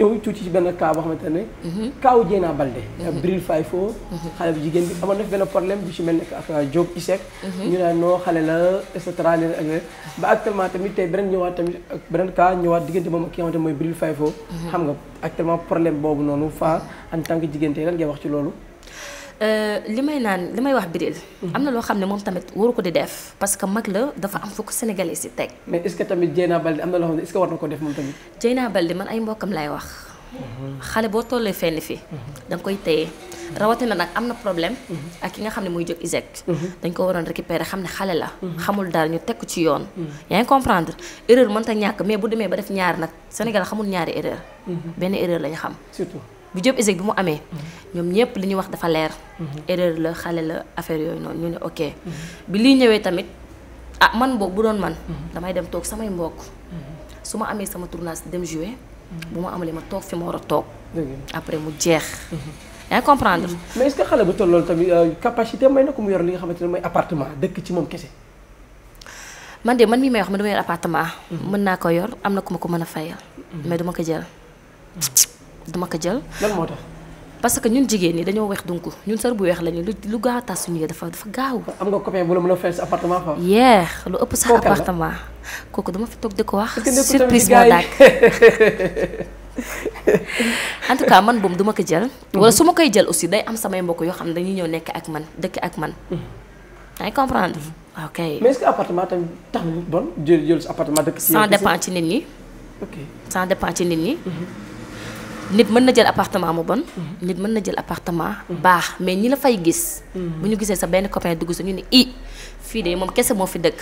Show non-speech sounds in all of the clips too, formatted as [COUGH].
ñëw tuuti ci benn cas boo xamante ne. kaawu mhm. Dieyna Baldé. Mhm. Bril Faye foo. Mhm. xale bu jigéen bi amoon na fi benn problème bu ci mel ne ak Diop Iseg. ñu naan noo xale la et cetera leen ak ba actuellement tamit tey beneen ñëwaat tamit ak beneen ñëwaat diggante moom ak ki ne mooy Bril Faye foo. xam nga actuellement problème boobu noonu fa en tant que jigéen tey ngay wax ci loolu. Euh, li may naan li may wax Biril mhm. am na loo xam ne moom tamit waru ko di def parce que mag la dafa am fukk sénégalais si teg. mais est-ce que tamit Dieyna Baldé am na loo xam ne est-ce que na ko def moom ay mbokkam lay wax. Mhm. xale boo tollee fenn fii. Mhm. da koy téye rawatina nag am na problème. ak ki nga xam ne muy jóg ISEC. dañ ko waroon récupérer xam ne xale la. xamul daal ñu teg ko ci yoon. yaa ngi comprendre erreur mënta ñàkk mais bu demee ba def ñaar nag Sénégal xamul ñaari erreur. benn erreur lañu xam. surtout. bu Diop ISEC bi mu amee. Mhm. ñoom ñëpp li ñuy wax dafa leer. Mhm. erreur la xale la affaire yooyu noonu ñu ne ok. Mhm. bi liy ñëwee tamit ah man boobu bu doon man. damay dem toog samay mbokk. su ma amee sama tournage dem jouer. bu ma amalee ma toog fi ma war a toog. après mu jeex. yaa comprendre. mais bu toll loolu tamit euh, capacité may na ko yor li nga xamante ne mooy appartement dëkk ci moom kese. man de man mii may wax ma dama yor appartement. mën naa ko yor am na ku ma ko mën a fayal. mais duma ko jël. duma ko jël. lan moo parce que ñun jigéen ñi dañoo weex donc ñun sër bu weex lañu lu gaaw tas suñu dafa dafa gaaw. a fay sa appartement fa. yeex lu ëpp sax appartement. kooku dama fi toog di ko wax. surprise moo dàkk [LAUGHS] en man boobu duma ko jël. wala su ma koy jël aussi day am samay mbokk yoo xam ne dañu ñëw nekk ak man dëkk ak man. Mm-hmm. yaa comprendre. ok mais est-ce que appartement tamit tax bon jël jël sa appartement ci nit ñi. ok sans ci nit ñi. Mm-hmm. nit mën na jël appartement mu bon. Mhm. nit mën na jël appartement. baax mhm. mais ñi la fay gis. Mhm. bu ñu gisee sa benn copain dugg sa ñu ne i fii de moom kese moo fi dëkk.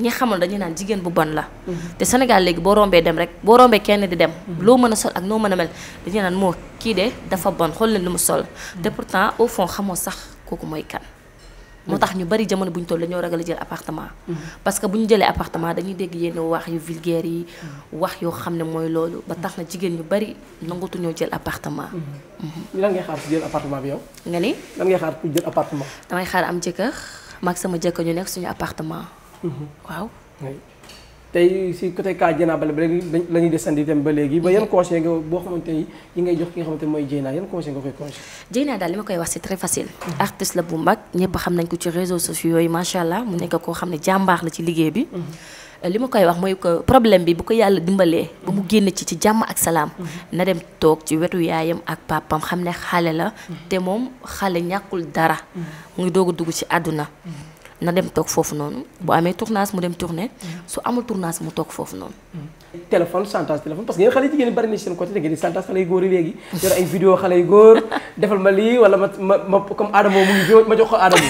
ñi xamul dañuy naan jigéen bu bon la. te Sénégal léegi boo rombee dem rek boo rombee kenn di dem. loo mën a sol ak noo mën a mel dañuy naan moo kii de dafa bon xool leen lu mu sol. te pourtant au fonds xamoo sax kooku mooy kan. moo tax ñu bari jamono bu ñu toll dañoo ragal a jël appartement. parce que bu ñu jëlee appartement dañuy dégg yenn wax yu vulgaire yi. wax yoo xam ne mooy loolu. ba tax na jigéen ñu bari nangatuñoo jël appartement. Mm-hmm. lan ngay xaar ci jël appartement bi yow. nga ni lan ngay xaar pour jël appartement. damay xaar am jëkkër maag sama jëkkër ñu nekk suñu appartement. Mm-hmm. waaw. tey si côté cas Dieyna Baldé ba léegi la ñuy desandi dem ba léegi ba yan conseil nga boo xamante ni yi ngay jox ki nga xamante mooy Dieyna yan conseil nga koy conseil Dieyna daal li ma koy wax c'est très facile artiste la bu mag ñëpp xam nañ ko ci réseau sociaux yi macha allah mu nekk koo xam ne jàmbaar la ci liggéey bi mm-hmm. li ma koy wax mooy que problème bi bu ko yàlla dimbalee ba mu génn ci ci jàmm ak salaam mm-hmm. na dem toog ci wetu yaayam ak papam xam ne xale la mm-hmm. te moom xale ñàkkul dara mu ngi a dugg ci àdduna na dem toog foofu noonu boo amee tournage mu dem tourner su amul tournage mu toog foofu noonu. téléphone chantage téléphone parce que yéen xale jigéen ñi bari na seen côté da ngeen di chantage xale yu góor yi léegi yor ay vidéo xale yu góor defal ma lii wala ma ma ma comme Adamo mu ngi jo ma jox ko Adamo.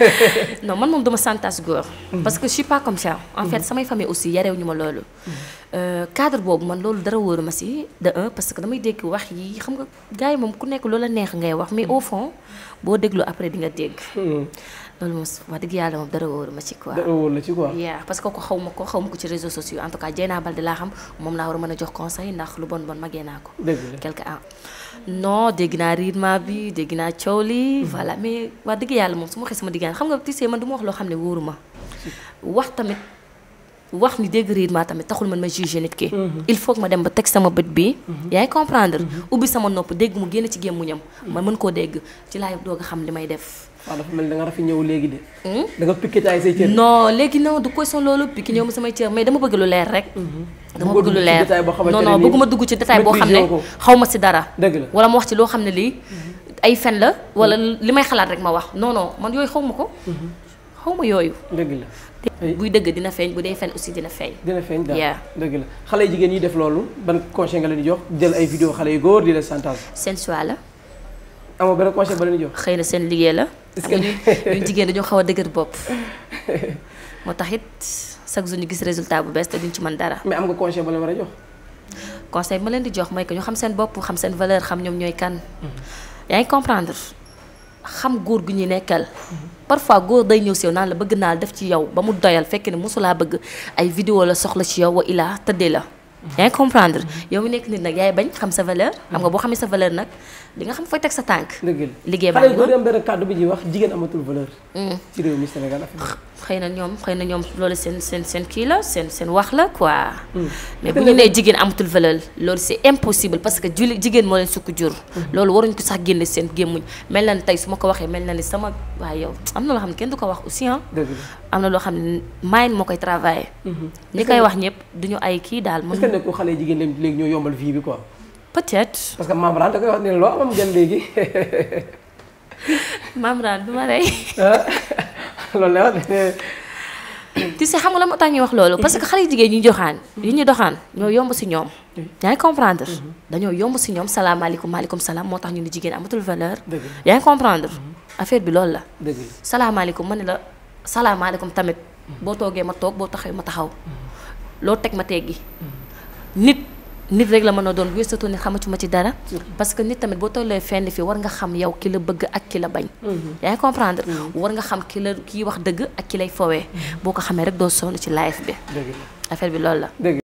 [LAUGHS] non man moom duma chantage góor. Mm-hmm. parce que je suis comme ça. en mm-hmm. fait samay famille aussi yarew ñu ma loolu. Mm-hmm. Euh, cadre boobu man loolu dara wóoru ma si de un parce que damay dégg wax yi xam nga gars moom ku nekk la neex ngay wax mais au fond boo déglu après di nga dégg. Hmm. loolu moom wax dëgg yàlla moom dara wóoru ma ci quoi. dara wóoru la parce que xaw ma ko xaw ma ko en tout cas Dieyna Baldé laa xam moom laa war a a jox ko. dëgg la quelque an non dégg naa rythme bi dégg naa coow li. Hmm. voilà mais wax dëgg yàlla moom su ma waxee sama diggante xam nga tu sais man du ma wax loo xam ne wóoru ma wax tamit. wax ni dégg ma tamit taxul man ma juger nit ki. Mhm. il faut que ma dem ba teg sama bët bi mhm. yaay comprendre mhm. ubbi sama nopp dégg mu génn ci gémmuñam man mën koo dégg ci laay doog a xam li may def waaw dafa mel da nga rafet léegi de. Hmm? da nga piqué léegi non du question loolu piqué ñëw ma samay cër mais dama bëgg lu leer rek. dama bëgg lu leer non non bëgguma dugg ci détail boo xam ne xaw ma si dara. dëgg wala ma wax ci loo xam ne lii ay fen la wala li may xalaat rek ma wax non man yooyu xaw ma ko. xaw ma yooyu. dëgg la buy dëgg dina feeñ bu dee fen aussi dina feeñ dina feeñ daal dëgg la xale jigéen ñi def loolu ban conseil nga leen di jox jël ay vidéo xale yu góor di leen santage seen choix la amoo benn conseil ba leen xëy na seen liggéey la ñun jigéen dañoo xaw a dëgër bopp [LAUGHS] moo tax it chaque jour ñu gis résultat bu bees te duñ ci man dara mais am nga conseil ba leen war a jox conseil ma leen di jox mooy ko ñu xam seen bopp xam seen valeur xam ñoom ñooy kan mm-hmm. yaa ngi comprendre xam góor gi ñuy nekkal parfois góor day ñëw si yow naan la bëgg naa def ci yow ba mu doyal fekk ne mosulaa bëgg ay vidéo la soxla ci yow wa ilaa tëddee la yaa ngi comprendre mm-hmm. yow mi nekk nit nag yaay bañ xam sa valeur xam nga boo xamee sa valeur nag li nga xam fooy teg sa tànk. liggéey baa ngi noonu xale benn bi ñuy wax jigéen amatul valeur. Mm. ci réew xëy na ñoom xëy na ñoom loolu seen seen seen kii la seen seen wax la quoi. Mm. mais bu ñu nee jigéen amatul valeur loolu si impossible parce que juli jigéen moo leen sukk jur. Mm-hmm. loolu waruñ ko sax génne seen gémmuñ mel na ni tey su ma ko waxee mel na ni sama waaye yow am na loo xam ne kenn du ko wax aussi ah. am na loo xam ne mind moo koy travailler. Mm-hmm. ñi koy wax ñëpp ñu ay kii daal. mën na est-ce que nekkul xale jigéen léegi ñoo yombal vie bi quoi. peut parce que Mame Rane da koy wax ne loo amam jël léegi. [LAUGHS] Mame Rane rey. Ah. [LAUGHS] loolu la wax ne. tu xam nga la moo tax ñuy wax loolu parce que xale jigéen ñi joxaan yi ñu doxaan ñoo yomb si ñoom yaa ngi comprendre mhm. dañoo yomb si ñoom salaamaaleykum maaleykum salaam moo tax ñu ne jigéen amatul valeur yaa ngi mhm. affaire bi loolu la salaamaaleykum ma ne la salaamaaleykum tamit mhm. boo toogee ma toog boo taxee ma taxaw loo teg ma teggi nit nit rek la mën a doon wéesatoo nit xamatuma ci dara. parce que nit tamit boo tollee fenn fi war nga xam yow ki la bëgg ak ki la bañ. Mhm. yaa ngi comprendre. Mhm. war nga xam ki la kiy wax dëgg ak ki lay fowee. Mhm. boo ko xamee rek doo sonn ci life bi. affaire bi lool la.